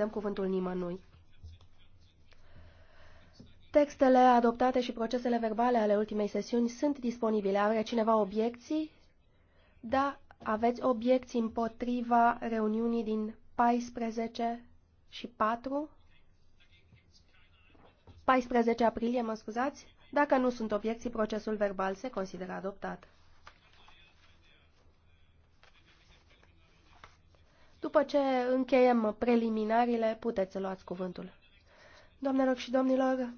dăm cuvântul nimănui. Textele adoptate și procesele verbale ale ultimei sesiuni sunt disponibile. Are cineva obiecții? Da, aveți obiecții împotriva reuniunii din 14 și 4? 14 aprilie, mă scuzați? Dacă nu sunt obiecții, procesul verbal se consideră adoptat. După ce încheiem preliminariile, puteți să luați cuvântul. Doamnelor și domnilor,